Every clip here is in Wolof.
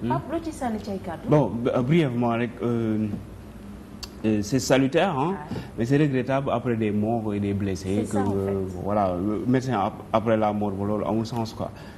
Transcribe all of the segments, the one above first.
Hmm. Pape loo ci sànni ci ay kàddu. bon euh, brièvement rek euh, euh, c'est salutaire hein mais c'est regrettable après des morts et des blessés. que voilà médecin après la mort ba loolu amul sens quoi.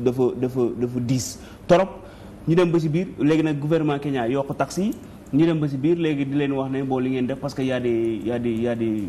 dafa dafa dafa diis torop ñu dem ba si biir léegi nag gouvernement Kenya yokk tax yi ñu dem ba si biir léegi di leen wax ne boo li ngeen def parce que y a des y a des y a des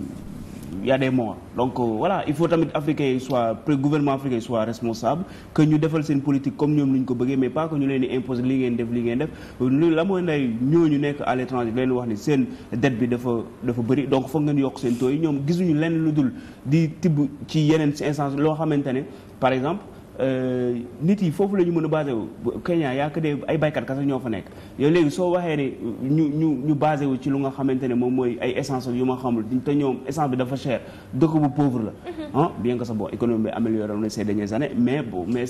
y a des morts donc euh, voilà il faut tamit africains yi soit gouvernement africain soit responsable que ñu defal seen politique comme ñoom ni ñu ko bëggee mais pas que ñu leen di imposer li ngeen def li ngeen def lu la mooy nday ñooñu nekk à l'étranger leen wax ni seen dette bi dafa dafa bari donc foog ngeen yokk seen yi ñoom gisuñu lenn dul di tibb ci yeneen instance loo xamante ne par exemple Euh, nit yi foofu la ñu mën a basé wu Kenya yaa ka dee ay baykat kasa ñoo fa nekk yow léegi soo waxee ne ñu ñu ñu basé wu ci lu nga xamante ne moom mooy ay essence yu ma xamul te ñoom essence bi dafa cher dëkk bu pauvre la mhm. ah bien que ça boo économie bi amélioré na ces dernières années mais bon mais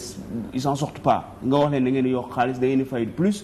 ils s'en sortent pas nga wax leen da ngeen di yokk xaalis da ngeen di fay plus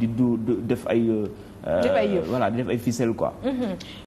di du def ay. Euh, def ay euh, yëf voilà di def ay ficelle quoi. Mm-hmm.